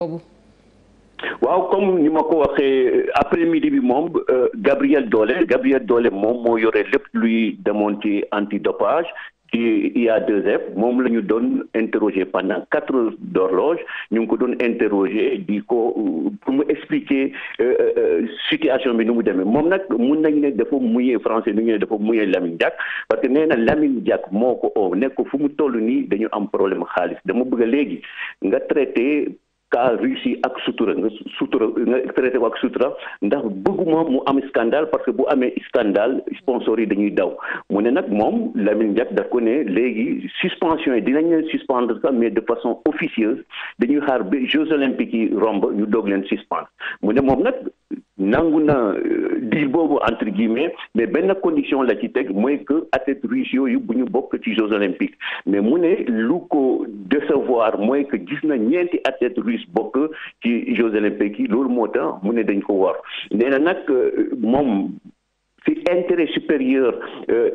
boobu. waaw comme ni ma ko waxee après midi bi moom euh, Gabriel Dollé Gabriel Dollé moom moo yore lépp luy demoon ci antidopage ci ia 2 moom la ñu doon interroger pendant quatre heures d'horloge ñu ngi ko doon interroger di ko pour mu expliquer euh, euh, situation bi nu mu demee moom nag mun nañ ne dafa muyee français nu ñu ne dafa muyee Lamine Diack parce que nee na Lamine Diack moo ko oo nekk fu mu toll nii dañu am problème xaalis dama bëgg léegi nga traité ka réussi ak sutura nga sutura nga traité ko ak sutura ndax bëgguma mu am scandale parce que bu amee scandale sponsor yi dañuy daw mu ne nag moom Lamine Diack daf ko ne léegi suspension yi dinañ leen suspendre sax mais de façon officieuse dañuy xaar ba Jeux olympiques yi romb ñu doog leen suspendre mu ne moom nangu na euh, deal boobu entre guillemets mais benn condition la ci teg mooy que athlète russe yooyu bu ñu bokk ci Jeux olympiques mais mu ne lu ko décevoir mooy que gis na ñeenti athlète russe bokk ci Jeux olympiques yi loolu moo tax mu ne dañ ko wor nee na nag euh, moom si intérêt supérieur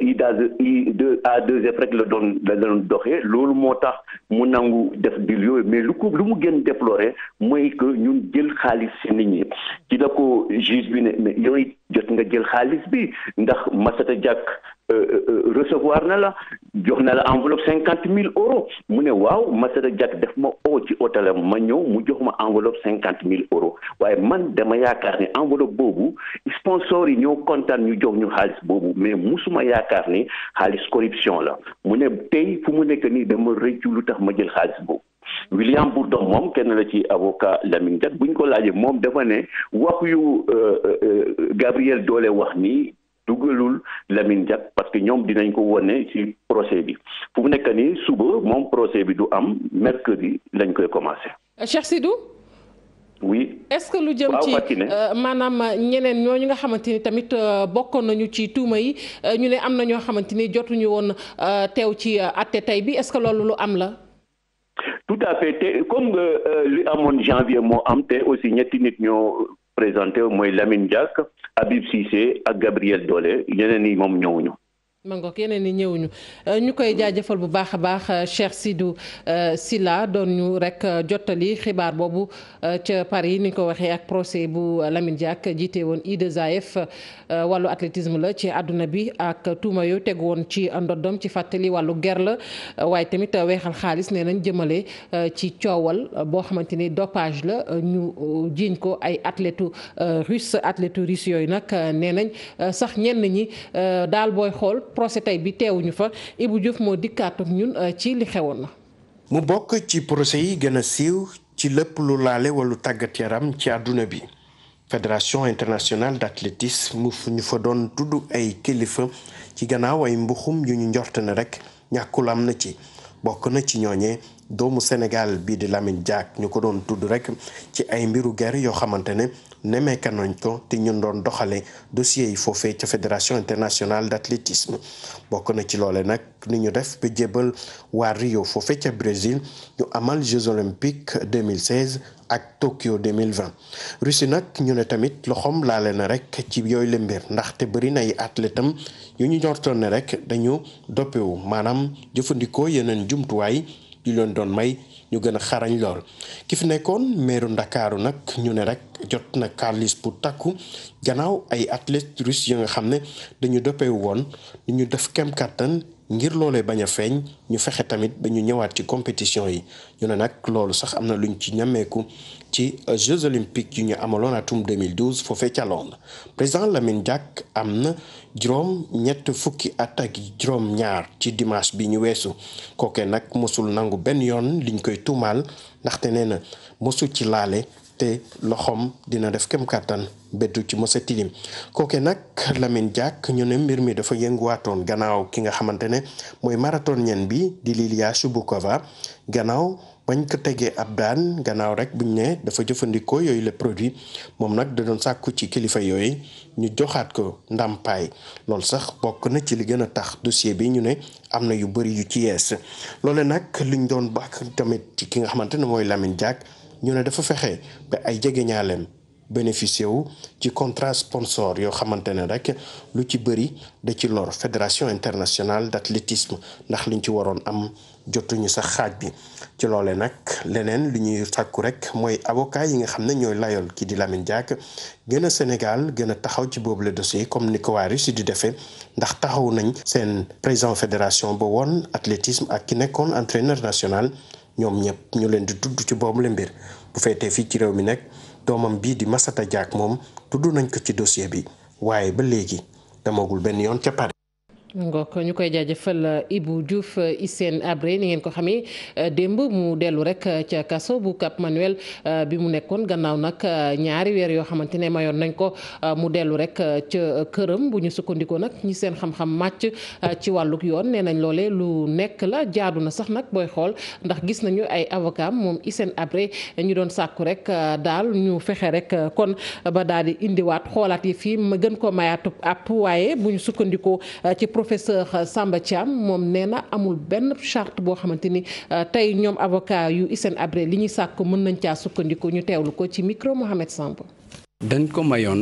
yi daal yi de à deux rek la doon la doon doxe loolu moo tax mu nangu def bil yooyu mais lu ko lu mu gën déplorer mooy que ñun jël xaalis si nit ñi ci la ko juge bi ne mais yooyu jot nga jël xaalis bi ndax Massata jàkk Euh, euh, recevoir na la jox na la enveloppe cinquante mille euros mu ne waaw Masada Diack def ma oo ci hôtelam ma ñëw mu jox ma enveloppe cinquante mille euros waaye man dama yaakaar ni enveloppe boobu sponsor yi ñoo kontaan ñu jox ñu xaalis boobu mais musuma yaakaar ni xaalis corruption la mu ne tey fu mu nekk nii dama rëccu lu tax ma jël xaalis boobu William Bourdon moom kenn la ci avocat Lamine Diack bu ñu ko laajee moom dafa ne wax yu euh, Gabriel Dollé wax dugalul Lamine Diack parce que ñoom dinañ ko wone ci procès bi fu mu nekk nii suba moom procès bi du am mercredi lañ koy commencé. Euh, Cheikh Sidou. oui est-ce que lu jëm ci euh, maanaam ñeneen ñooñu nga xamante ni tamit euh, bokkoon nañu ci tuuma yi ñu ne am na ñoo xamante ni jotuñu woon teew ci àtte tey bi est-ce que loolu lu am la. tout à fait te comme li amoon janvier moo am te aussi ñetti nit ñoo présenté mooy Lamine Diack. Habib Cissé ak Gabriel Dollé yeneen yi moom ñëwuñu mangook yeneen yi ñëwuñu euh, ñu koy jaajëfal bu baax a baax euh, Cheikh Sidou euh, Silla doon ñu rek jottali xibaar boobu ca Paris ni ñu ko waxee ak procès bu Lamine Diack jiite woon I2AF wàllu la ci àdduna bi ak tuuma yooyu tegu woon ci ndoddom ci fàttali wàllu ger la waaye tamit weexal xaalis nee nañ jëmale ci coowal boo xamante ni doppage la ñu jiiñ ko ay athlètes russe athlètes russe yooyu nag nee nañ sax ñenn ñi daal booy xool. procès tey bi teewuñu fa Ibou Diouf moo dikkaat ñun euh, ci li xewoon na. mu bokk ci procès yi gën a siiw ci lépp lu laale wallu tàggat yaram ci àdduna bi fédération internationale d'athlétisme fu ñu fa doon tudd ay kilifa ci gannaaw ay mbuxum yu ñu njort ne rek ñàkkul am na ci bokk na ci ñooñee doomu Sénégal bii di Lamine Diack ñu ko doon tudd rek ci ay mbiru guerre yoo xamante ne. nemmeeka nañ ko te ñun doon doxalee dossier yi foofee ca fédération internationale d'athlétisme bokk na ci loole nag ni ñu def ba jébbal waa Rio foofee ca Brésil ñu amal Jeux olympiques 2016 ak Tokyo 2020 Russie nag ñu ne tamit loxoom laale na rek ci yooyu la mbir ndaxte bëri na ay atletam yu ñu njortoon ne rek dañu doppewu maanaam jëfandikoo yeneen jumtuwaay yu leen doon may ñu gën a xarañ lool ki fi nekkoon meeru ndakaaru nag ñu ne rek jot na xaalis bu takku gannaaw ay athlètes russes yi nga xam ne dañu doppewu woon ñu def kem kàttan ngir loolee bañ a feeñ ñu fexe tamit ba ñu ñëwaat ci compétition yi ñu ne nag loolu sax am na lu luñ ci ñameeku ci Jeux olympiques yu ñu amaloon atum 2012 foofee ca Londres président Lamine Diack am na juróom ñett fukki atak ak juróom ñaar ci dimanche bi ñu weesu kooke nag mosul nangu benn yoon liñ koy tuumaal ndaxte nee na mosu ci laale te loxoom dina def kem kàttan beddu ci mos a tilim kooke nag Lamine jàkk ñu ne mbir mi dafa yënguwaatoon gannaaw ki nga xamante ne mooy marathonien bi di Lilia Shubukova gannaaw bañ ko tegee ab daan gannaaw rek buñ ne dafa jëfandikoo yooyu la produit moom nag da doon sàkku ci kilifa yooyu ñu joxaat ko ndàmpaay loolu sax bokk na ci li gën a tax dossier bi ñu ne am na yu bëri yu ci yees loole nag liñ doon bàkk tamit ci ki nga xamante ne mooy Lamine Diack ñu ne dafa fexe ba ay jegeñaaleem bénéficié wu ci contrat sponsor yoo xamante ne rek lu ci bëri de ci lor fédération internationale d'athlétisme ndax liñ ci waroon am jotuñu sax xaaj bi ci loole nag leneen lu ñuy sàkku rek mooy avocat yi nga xam ne ñooy layool kii di Lamine Diack gën a Sénégal gën a taxaw ci boobu boobule dossier comme ni ko waa Russie di defee ndax taxawu nañ seen président fédération ba woon athlétisme ak ki nekkoon entraîneur national ñoom ñëpp ñu leen di tudd ci boobule mbir bu fii ci réew mi nag doomam bii di Massata jaag moom tudd nañ ko ci dossier bi waaye ba léegi demagul benn yoon ca Paris ngook ñu koy jaajëfal euh, Ibou Diouf euh, Hissène Habré ni ngeen ko xamee euh, démb mu dellu rek ca kaso bu Cap Manuel bi mu nekkoon gannaaw nag ñaari weer yoo xamante ne mayoon nañ ko mu dellu rek ca këram bu ñu sukkandikoo nag ñi seen xam-xam màcc ci wàlluk yoon nee nañ loole lu nekk la jaadu na sax nag booy xool ndax gis nañu ay avocat moom Hissène Habré ñu doon sàkku rek daal ñu fexe rek kon ba daal di indiwaat xoolaat yi fii ma gën ko mayaatub àpp waaye bu professeur euh, Samba Thiam moom nee na amul benn charte boo xamante ni euh, tey ñoom avocat yu Hissène Habré li ñuy sàkk mën nañ caa sukkandiku ñu teewlu ko ci micro Mohamed Samb. dañ ko mayoon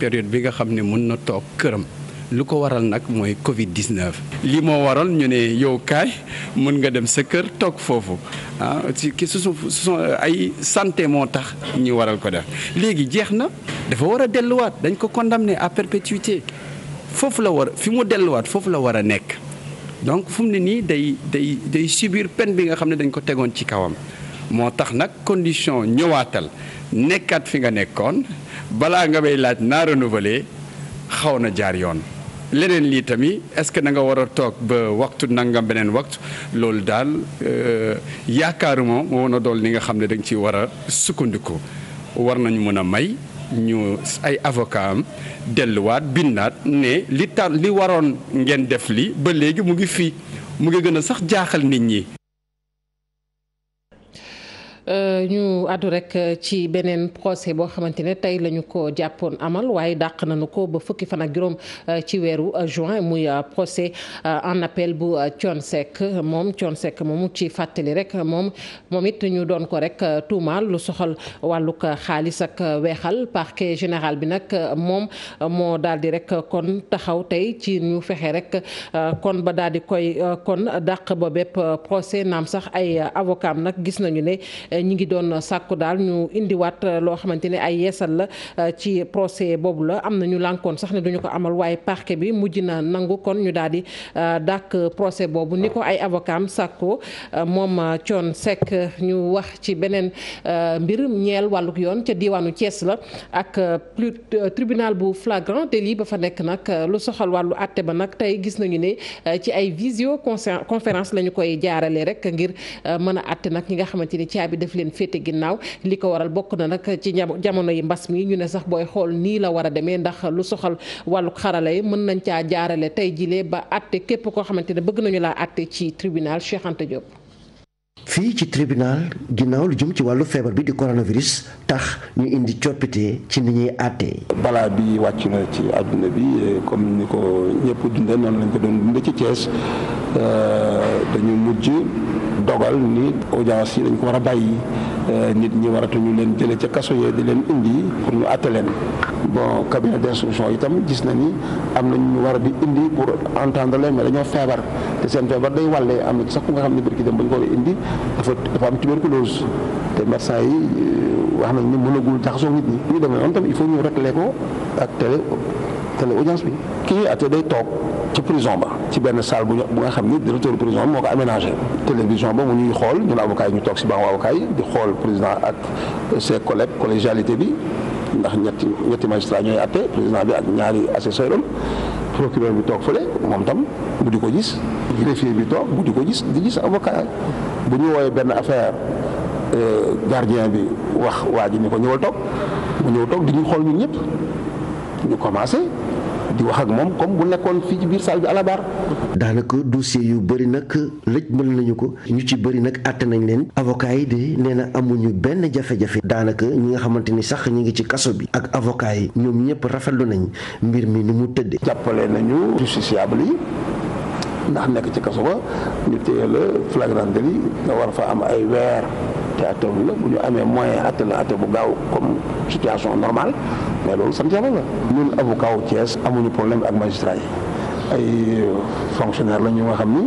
période bi nga xam ne mën na toog këram. lu ko waral nag mooy Covid 19. lii moo waral ñu ne yowkaay kaay mën nga dem sa kër toog foofu ah ci ki su su ay santé moo tax ñu waral ko def léegi jeex na dafa war a delluwaat dañ ko condamné à perpétuité foofu la war fi mu delluwaat foofu la war a nekk donc fu mu ne nii day day day subir peine bi nga xam ne dañ ko tegoon ci kawam moo tax nag condition ñëwaatal nekkaat fi nga nekkoon balaa nga may laaj naa renouveler xaw na jaar yoon leneen lii tamit est-ce que da nga war a toog ba waxtu nangam beneen waxtu loolu daal euh, yaakaaruma moo woon a dool li nga xam ne dañ ci war a sukkandiku war nañu mën a may ñu ay avocam delluwaat bindaat ne li tar li waroon ngeen def li ba léegi mu ngi fii mu ngi gën a sax jaaxal nit ñi Euh, ñu àddu rek euh, ci beneen procès boo xamante ne tey la ñu ko jàppoon amal waaye dàq nañu ko ba fukki fan ak juróom euh, ci weeru juin muy procès en appel bu Thione moom Thione Seck moomu ci fàttali rek moom moom it ñu doon ko rek tuumaal lu soxal wàllug xaalis ak weexal parquet général bi nag moom moo daal di rek kon taxaw tey ci ñu fexe rek kon ba daal di koy kon dàq ba bépp procès naam sax ay avocat nag gis nañu ne. Eh, ñi ngi doon sàkku daal ñu indiwaat eh, loo xamante ne ay yeesal la eh, ci procès boobu la am na ñu lànkoon sax ne duñu ko amal waaye parquet bi mujj na nangu kon ñu daal di dàkk procès boobu ni ko ay avocat am moom moom coon Seck ñu wax ci beneen mbir ñeel wàlluk yoon ca diwaanu cees la ak plus tribunal bu flagrant délit ba fa nekk nag lu soxal wàllu àtte ba nag tey gis nañu ni ci ay visio conférence la ñu koy jaarale rek ngir mën àtte nag ñi nga xamante def leen ginnaaw li ko waral bokk na nag ci jamono yi mbas mi ñu ne sax booy xool nii la war a demee ndax lu soxal wàllu xarala yi mën nañ caa jaarale tey jilee ba àtte képp koo xamante ne bëgg nañu laa àtte ci tribunal Cheikh Anta fii ci tribunal ginnaaw lu jëm ci wàllu feebar bi di coronavirus tax ñu indi coppite ci ni ñuy àttee. balaa bi wàcc na ci àdduna bi comme ni ko ñëpp dundee noonu lañ dundee ci Thiès euh, dañu mujj. dogal ni audience yi dañ ko war a bàyyi euh, nit ñi ñu leen jëlee ca kaso yee di leen indi pour ñu àtte leen bon cabinet d'instruction itam gis na ni am nañ ñu war a di indi pour entendre leen mais dañoo feebar te seen feebar day wàllee am na ci sax ku nga xam ne birki dem ba ñu ko war a indi dafa dafa am tuberculose te médecin yi euh, wax nañ ni mënagul jaxasoo nit ñi ñu demee noonu tam il faut ñu régler ko ak télé télé audience bi kii atte day toog ci prison ba ci benn salle bu bu nga xam ni directeur prison bi moo ko aménagé télévision ba mu ñuy xool ñun avocat yi ñu toog si banc avocat yi di xool président ak ses collègues collégialité bi ndax ñetti ñetti magistrat ñooy atte président bi ak ñaari assesseur am procureur bi toog fële moom tam bu di ko gis greffier bi toog bu di ko gis di gis avocat bu ñu woowee benn affaire euh, gardien bi wax waa ji ni ko ñëwal toog mu toog di ñu xool ñun ñëpp ñu commencé di wax ak moom comme bu nekkoon fii ci biir salle bi alabar daanaka dossier yu bëri nag lëj mën nañu ko ñu ci bëri nag àtte nañ leen avocat yi de nee na amuñu benn jafe-jafe daanaka ñi nga xamante ni sax ñi ngi ci kaso bi ak avocat yi ñoom ñëpp rafetlu nañ mbir mi ni mu tëddee. jàppale nañu justiciable yi ndax nekk ci kaso ba ñu téye la flagrant délit nga war fa am ay weer. te atte la bu ñu amee moyen atte la atte bu gaaw comme situation normale mais loolu sant yàlla la ñun avocat wu amuñu problème ak magistrat yi ay fonctionnaire la ñu nga xam ni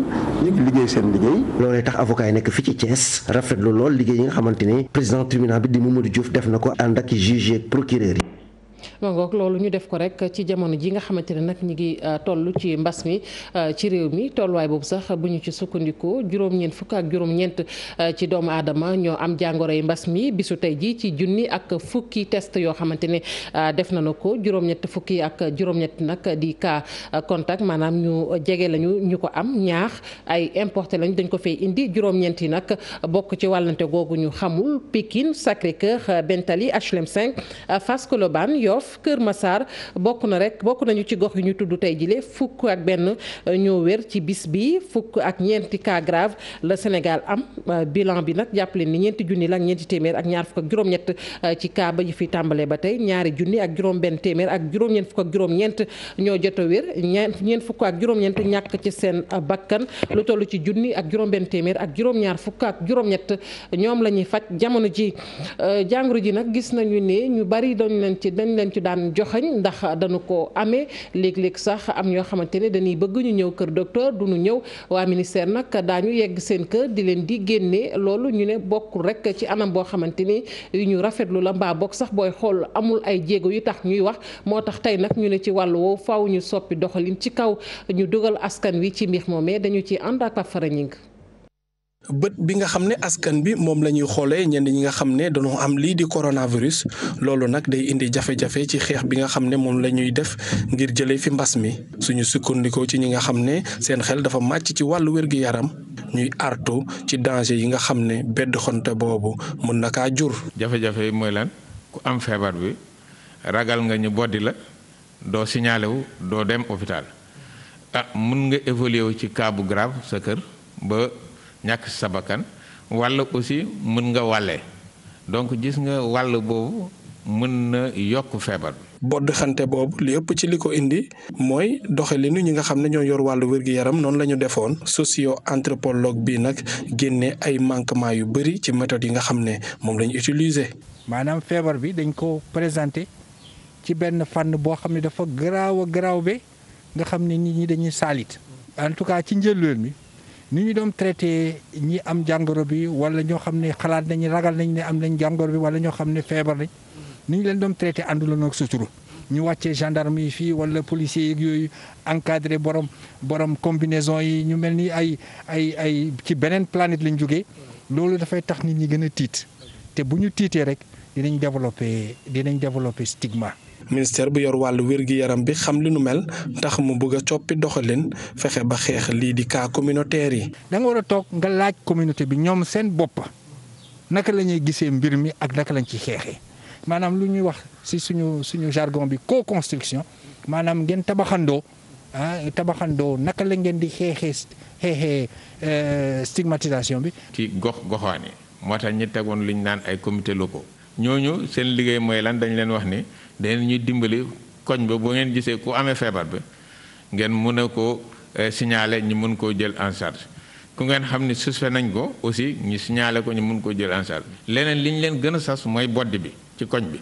ñu ngi liggéey seen liggéey. loolee tax avocat yi nekk fii ci Thiès rafetlu lool liggéey yi nga xamante ni président tribunal bi di mu Mamadou Diouf def na ko ànd ak juge procureur yi. ma ngoog loolu ñu def ko rek ci jamono ji nga xamante ne nag ñu ngi euh, toll ci mbas mi euh, ci réew mi tolluwaay boobu sax bu ñu ci sukkandiku juróom-ñeent fukk ak juróom-ñeent euh, ci doomu aadama ñoo am jàngoroy mbas mi bisu tey ji ci junni ak fukki test yoo xamante ne def nañu ko juróom-ñett ak juróom nag di cas contact maanaam ñu jege lañu ñu ko am ñaax ay importé lañu dañ ko fay indi juróom-ñeent yi nag bokk ci wàllante googu ñu xamul Pikine Sacré-Cœur Bentali HLM 5 Fass Colobane Yoff Yoff Kër Massar bokk na rek bokk nañu ci ñu tudd tey jile fukk ak benn ñoo wér ci bis bi fukk ak ñeenti cas grave la Sénégal am euh, bilan bi nag jàppale ni ñeenti junni la ak ñeenti téeméer ak ñaar fukk ak juróom-ñett euh, ci cas ba ñu fi tàmbalee ba tey ñaari junni ak juróom-benn téeméer ak juróom-ñeent fukk ak juróom-ñeent ñoo jot a wér ñeent fukk ak juróom-ñeent ñàkk ci seen euh, bakkan lu toll ci junni ak juróom-benn téeméer ak juróom-ñaar fukk ak juróom-ñett ñoom la ñuy faj jamono ji jàngoro ji nag gis nañu ne ñu bari dañ leen ci dañ leen ci ci daan joxañ ndax dañu ko amee léeg-léeg sax am ñoo xamante ne dañuy bëgguñu ñëw kër docteur du ñu ñëw waa ministère nag daañu yegg seen kër di leen di génne loolu ñu ne bokkul rek ci anam boo xamante ni yu ñu rafetlu la mbaa bokk sax booy xool amul ay jéego yu tax ñuy wax moo tax tey nag ñu ne ci wàll woowu faw ñu soppi doxalin ci kaw ñu dugal askan wi ci mbir moomee dañu ci ànd ak bët bi nga xam ne askan bi moom la ñuy xoolee ñenn ñi nga xam ne dañoo am lii di coronavirus loolu nag day indi jafe-jafe ci xeex bi nga xam ne moom la ñuy def ngir jëlee fi mbas mi suñu sukkandikoo ci ñi nga xam ne seen xel dafa màcc ci wàllu wér yaram ñuy artu ci danger yi nga xam ne bedd xonte boobu mun na kaa jur. jafe-jafe yi mooy lan ku am feebar bi ragal nga ñu boddi la doo signalé wu doo dem hôpital ah mën nga évoluer wu ci cas bu grave sa kër ñàkk sa bakkan wàll aussi mën nga wàlle donc gis nga wàll boobu mën na yokk feebar bi. bodd xante boobu li ëpp ci li ko indi mooy doxalinu ñi nga xam ne ñoo yor wàllu wér-gi-yaram noonu la ñu defoon socio anthropologue bi nag génne ay manquement yu bëri ci méthode yi nga xam ne moom lañu ñu utiliser. maanaam feebar bi dañ ko présenté ci benn fànn boo xam ne dafa garaaw a garaaw bi nga xam ne nit ñi dañuy saalit en tout cas ci njëlbeen bi ni ñu doon traité ñi am jàngoro bi wala ñoo xam ne xalaat nañu ragal nañ ne am nañ jàngoro bi wala ñoo xam ne feebar nañ ni ñu leen doon traité ànduloon ak suturu ñu wàccee gendarme yi fii wala policiers yeeg yooyu encadré borom borom combinaison yi ñu mel ni ay ay ay ci beneen planète lañ jógee loolu dafay tax nit ñi gën a tiit te bu ñu tiitee rek dinañ développé dinañ développé stigma. ministère bu yor wàllu wér-gi-yaram bi xam li nu mel tax mu bëgg a coppi doxalin fexe ba xeex lii di cas communautaire yi. da nga war a toog nga laaj communauté bi ñoom seen bopp naka la ñuy gisee mbir mi ak naka lañ ci xeexee maanaam lu ñuy wax si suñu suñu jargon bi co-construction maanaam ngeen tabaxandoo. ah tabaxandoo naka la ngeen di xeexee xeexee euh, stigmatisation bi. ci gox goxaan moo tax ñi tegoon lu ñu naan ay comité locaux ñooñu seen liggéey mooy lan dañ leen wax ni danañ ñuy dimbali koñ ba boo ngeen gisee ku amee feebar bi ngeen mën a ko eh, signaler ñu mën koo jël en charge ku ngeen xam ni suspect nañ ko aussi ñu signaler ko ñu mën koo jël en charge leneen li ñu leen gën a sas mooy bodd bi ci koñ bi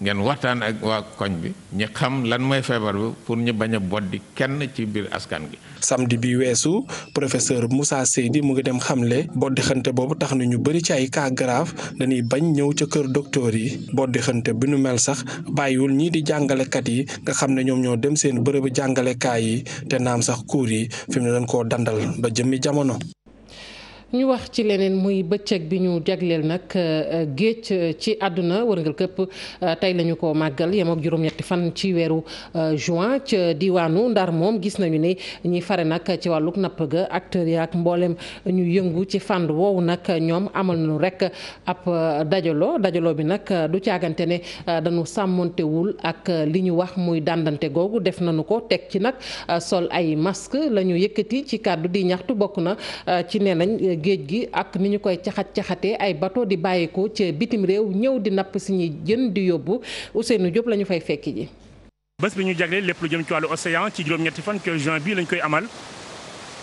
ngeen waxtaan ak waa koñ bi ñi xam lan mooy feebar bi pour ñu bañ a boddi kenn ci biir askan gi. samedi bi weesu professeur Moussa Seydi mu ngi dem xamle boddi xante boobu tax na ñu bëri ci ay cas grave dañuy bañ ñëw ca kër docteur yi boddi xante bi nu mel sax bàyyiwul ñii di jàngalekat yi nga xam ne ñoom ñoo dem seen bërëbu jàngalekaay yi te naam sax cours yi fi mu ne dañ koo dandal ba jëmmi jamono. ñu wax ci leneen muy bëccëg bi ñu jagleel nag euh, euh, géej euh, ci àdduna wërngal këpp tey lañu ko màggal yem ak juróom-ñetti fan ci weeru juin ca diwaanu ndar moom gis nañu ni ñi fare nag ci wàlluk napp ga acteurs yi ak mboolem ñu yëngu ci fànn woowu nag ñoom amal nañu rek ab dajaloo dajaloo bi nag du caagante ne dañu sàmmoontewul ak li ñu wax muy dàndante googu def nañu ko teg ci nag sol ay masque lañu ñu yëkkati ci kàddu di ñaxtu bokk na ci nee géej gi ak ni ñu koy caxat caxatee ay bateau di bàyyeekoo ca bitim réew ñëw di napp suñuy jën di yóbbu Ousseynou Diop la ñu fay fekk ji. bés bi ñu jagleel lépp lu jëm ci wàllu océan ci juróom-ñetti fan ci juin bi lañ koy amal.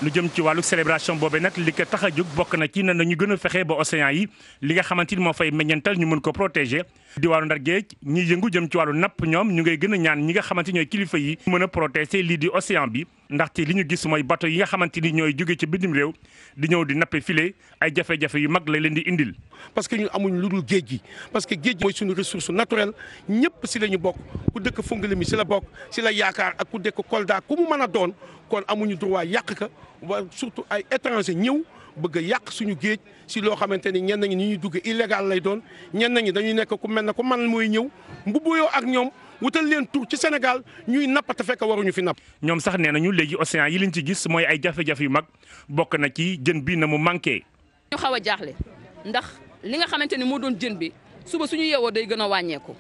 lu jëm ci wàllu célébration boobe nag li ko tax a jóg bokk na ci nan na ñu gën a fexe ba océan yi li nga xamante ni moo fay meññantal ñu mën ko protéger. di wàllu ndar géej ñiy yëngu jëm ci wàllu napp ñoom ñu ngay gën a ñaan ñi nga xamante ñooy kilifa yi mën a protéger lii océan bi ndaxte li ñu gis mooy bato yi nga xamante ni ñooy jóge ci bitim réew di ñëw di nappe file ay jafe-jafe yu mag lay leen di indil. parce que ñu amuñ lu dul géej gi parce que géej gi mooy suñu ressource naturelle ñëpp si la ñu bokk ku dëkk mi si la bokk si la yaakaar ak ku dëkk Kolda ku mu mën a doon kon amuñu droit yàq ka wa surtout ay étranger ñëw. bëgg yàq suñu géej si loo xamante ni ñenn ñi ni ñuy dugg illégal lay doon ñenn ñi dañuy nekk ku mel ne ku man mooy ñëw mbubbuyoo ak ñoom wutal leen tur ci Sénégal ñuy napp te fekk waruñu fi napp. ñoom sax nee nañu léegi océan yi liñ ci gis mooy ay jafe-jafe yu mag bokk na ci jën bi na mu manqué. ñu xaw a jaaxle ndax li nga xamante ni moo doon jën bi suba suñu yeewoo day gën a wàññeeku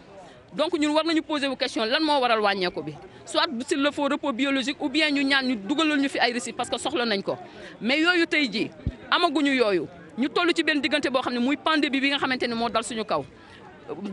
donc ñun war nañu poser wu question lan moo waral wàññeeku bi soit s'il le faut repos biologique ou bien ñu ñaan ñu dugalal ñu fi ay récifs parce que soxla nañ ko mais yooyu tey jii amaguñu yooyu ñu tollu ci benn diggante boo xam ne muy bi bi nga xamante ne moo dal suñu kaw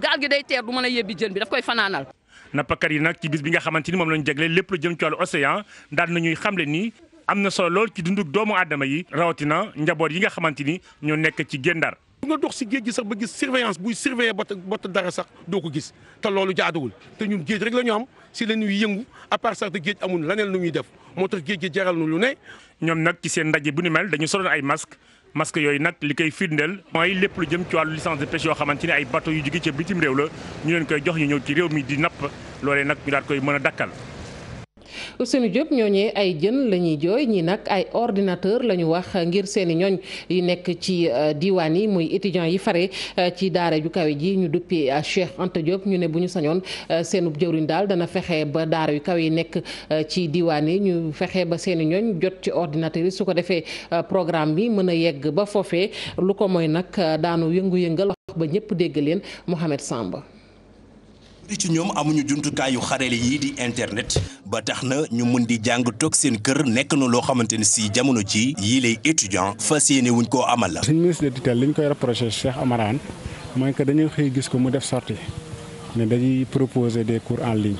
gaal gi teer du mën a yebbi jën bi daf koy fanaanal nappkat yi nag ci bis bi nga xamante ni moom lañu jagle lépp lu jëm ci wàllu océan daal nañuy xamle ni am na solo lool ci dunduk doomu aadama yi rawatina njaboot yi nga xamante ni ñoo nekk ci génn ndar bu nga dox si géej gi sax ba gis surveillance buy surveiller bot bot dara sax doo ko gis te loolu jaaduwul te ñun géej rek la ñu am si la ñuy yëngu à part sax te géej amul leneen lu ñuy def moo tax géej gi jaral nu lu ne ñoom nag ci seen ndaje bu ni mel dañu ay masque masque yooyu nag li koy firndeel mooy lépp lu jëm ci wàllu licence de pêche yoo xamante ni ay bateau yu jóge ca bitim réew la ñu leen koy jox ñu ñëw ci réew mi di napp loolee nag ñu daal koy mën a dakkal Ousseynou Diop ñooñee ay jën la ñuy jooy ñii nag ay ordinateur la ñu wax ngir seeni i ñooñ yu nekk ci euh, diwaan yi muy étudiants yi fare euh, ci daara ju kawe ji ñu duppee euh, Cheikh Anta Diop ñu ne bu ñu sañoon seenub jëwriñ daal dana fexe ba daara yu kawe yi nekk ci diwaan yi ñu fexe ba seen i ñooñ jot ci ordinateur yi su ko defee programme bi mën a yegg ba foofee lu ko moy nag daanu yëngu-yëngal wax ba ñëpp dégg leen Mohamed Samba bëri ci ñoom amuñu jumtukaay yu xarale yii di internet ba tax na ñu mun di jàng toog seen kër nekk na loo xamante ne si jamono ci yii lay étudiant fas yéene wuñ koo amal la. suñ ministre de tutelle li ñu koy reproché Cheikh Amaran mooy que dañuy xëy gis ko mu def sortie ne dañuy proposer des cours en ligne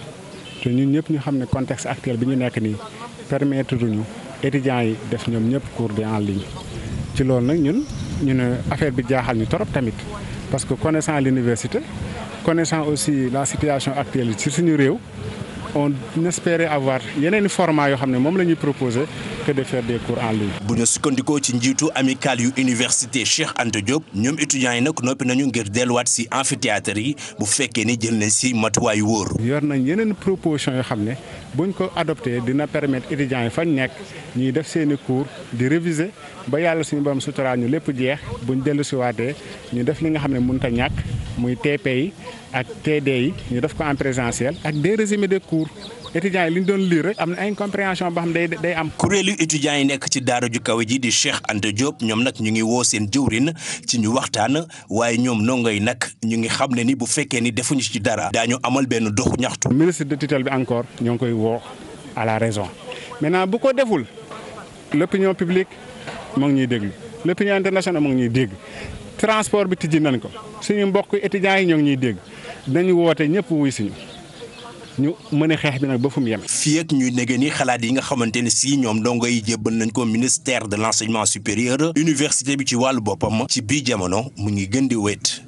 te ñun ñëpp ñu xam ne contexte actuel bi ñu nekk nii permettre ñu étudiants yi def ñoom ñëpp cours de en ligne ci loolu nag ñun ñu ne affaire bi jaaxal ñu torop tamit connaissant aussi la situation actuelle ci suñu réew on espérait avoir yeneen i format yoo xam ne moom la ñuy proposer que de faire des cours en ligne. bu ñu sukkandikoo ci njiitu amicale yu université Cheikh Anta Diop ñoom étudiants yi nag noppi nañu ngir delluwaat si amphithéâtre yi bu fekkee ni jël nañ si matuwaay wóor. yor nañ yeneen proposition yoo xam ne buñ ko adopté dina permettre étudiants yi fañ nekk ñuy def seeni i cours di réviser ba yàlla suñu borom suturaa ñu lépp jeex buñ dellu si waatee ñu def li nga xam ne mënut a ñàkk muy TP ak TD ñu def ko en présentiel ak des résumés de cours étudiants yi li ñu doon lire rek am na incompréhension boo xam day day am. kuréelu étudiants yi nekk ci daara ju kawe ji di Cheikh Anta Diop ñoom nag ñu ngi woo seen jëwrin ci ñu waxtaan waaye ñoom ndongo yi nag ñu ngi xam ne ni bu fekkee ni defuñu ci dara. daa daañu amal benn doxu ñaxtu. ministre de tutelle bi encore ñoo ngi koy woo la raison maintenant bu ko deful l'opinion publique moo ngi ñuy déglu l'opinion internationale moo ngi ñuy dégg transport bi tijji nañ ko suñu mbokk étudiants yi ñoo ngi ñuy dégg. nañu woote ñëpp wuy si ñu ñu mën a xeex bi nag ba fu mu yem. fii ak ñuy nege ni xalaat yi nga xamante ne si ñoom ndongo yi jébbal nañ ko ministère de l' enseignement supérieur université bi ci wàllu boppam. ci biir jamono mu ngi gën di wéet.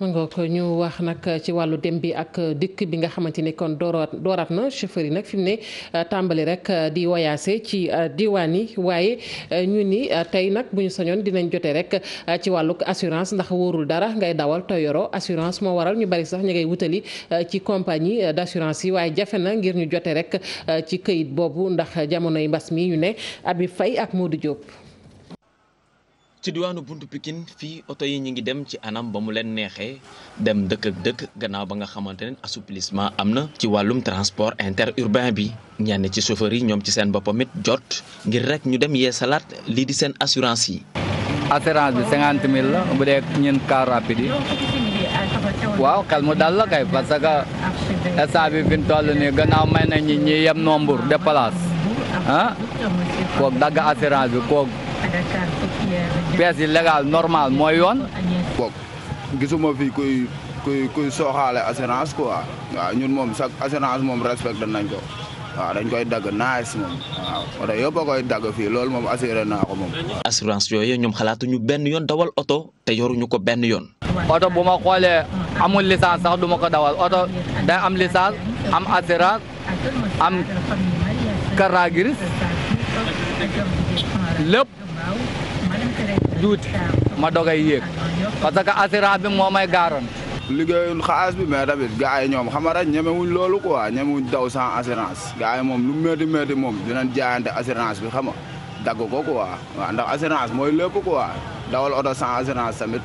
mu ngoog ñu wax nag ci wàllu dem bi ak dikk bi nga xamante ni kon dooraat dooraat na chauffeur yi nag fi mu ne euh, tàmbali rek euh, di wayaase ci euh, diwaan yi waaye ñu ni tey nag bu ñu sañoon dinañ jote rek ci wàllu assurance ndax wóorul dara ngay dawal tooy yoro assurance moo waral ñu bari sax ñu ngay wutali ci compagnie d'assurance yi waaye jafe na ngir ñu jote rek ci kayit boobu ndax jamonoy mbas mii ñu ne Abi Faye ak moo di Diop. ci diwaanu buntu Pikine fii oto yi ñu ngi dem ci anam ba mu leen neexee dem dëkk ak dëkk gannaaw ba nga xamante ne assouplissement am na ci wàllum transport interurbain bi ñenn ci chauffeur yi ñoom ci seen boppam jot ngir rek ñu dem yeesalaat lii di seen assurance yi. assurance bi cinquante mille la bu dee ñun car rapide yi. waaw xel mu dal la kay parce que instant bi fi ñu toll nii gannaaw may na ñi ñi yem nombre de place ah kooku assurance bi kooku. pees yi normal mooy yoon. boog gisuma fi kuy kuy kuy sooxaale assurance quoi ñun moom sax assurance moom respecté nañ ko waaw dañ koy dagg nice moom waaw oto yëpp koy dagg fii lool moom assuré naa ko moom. assurance yooyu ñoom xalaatuñu benn yoon dawal oto te yoruñu ko benn yoon. oto bu ma xoolee amul licence sax du ko dawal oto day am licence am assurance am carte lépp juuti ma dogay yéeg parce que assurance bi moo may gaaroon liggéeyul xaalis bi mais tamit gars ñoom xamara ñemewuñ loolu quoi ñemewuñ daw sans assurance gars yi moom lu métti métti moom jaayante assurance bi xama nga ko quoi waaw ndax assurance mooy lépp quoi dawal oto sans assurance tamit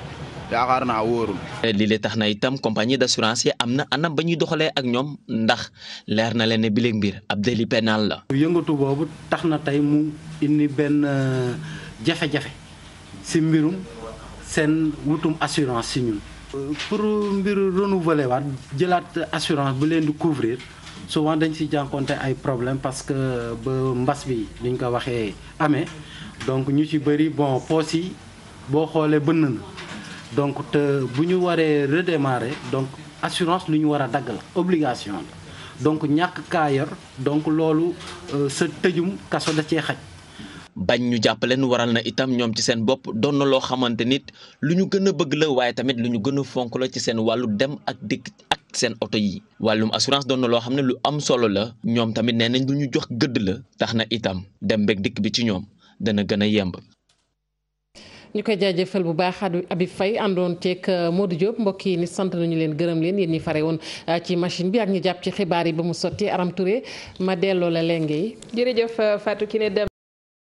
yaakaar na wóorul. lii la tax na itam compagnie d' assurance yi am na anam ba ñuy doxalee ak ñoom ndax leer na leen ne bile mbir ab délit pénal la. yëngatu boobu tax na tey mu indi benn euh, jafe-jafe si mbirum seen wutum assurance si ñun. pour mbiru renouveler waat jëlaat assurance bu leen di couvrir. souvent dañ si jànkonte ay problème parce que euh, ba mbas bi liñ ko waxee amee donc ñu ci bëri bon poos yi boo xoolee bënn na donc te bu ñu waree redémarrer donc assurance lu ñu war a dagg la obligation la donc ñàkk kaa donc loolu euh, sa tëjum kaso da cee xaj. bañ ñu jàppaleen waral na itam ñoom ci seen bopp doon na loo xamante nit lu ñu gën a bëgg la waaye tamit lu ñu gën a fonk la ci seen wàllu dem ak dikk ak seen oto yi. wàllum assurance doon na loo xam ne lu am solo la ñoom tamit nee nañ lu ñu jox gëdd la tax na itam dem beeg dikk bi ci ñoom dana gën a yemb. ñu koy jaajëfal bu baax Habib Faye àndoon ceeg euh, Modou Diop mbokk yi ni sant nañu leen gërëm leen yéen ñi fare woon euh, ci machine bi ak ñi jàpp ci xibaar yi ba mu sotti Aram Touré ma delloo la lenge yi. Euh,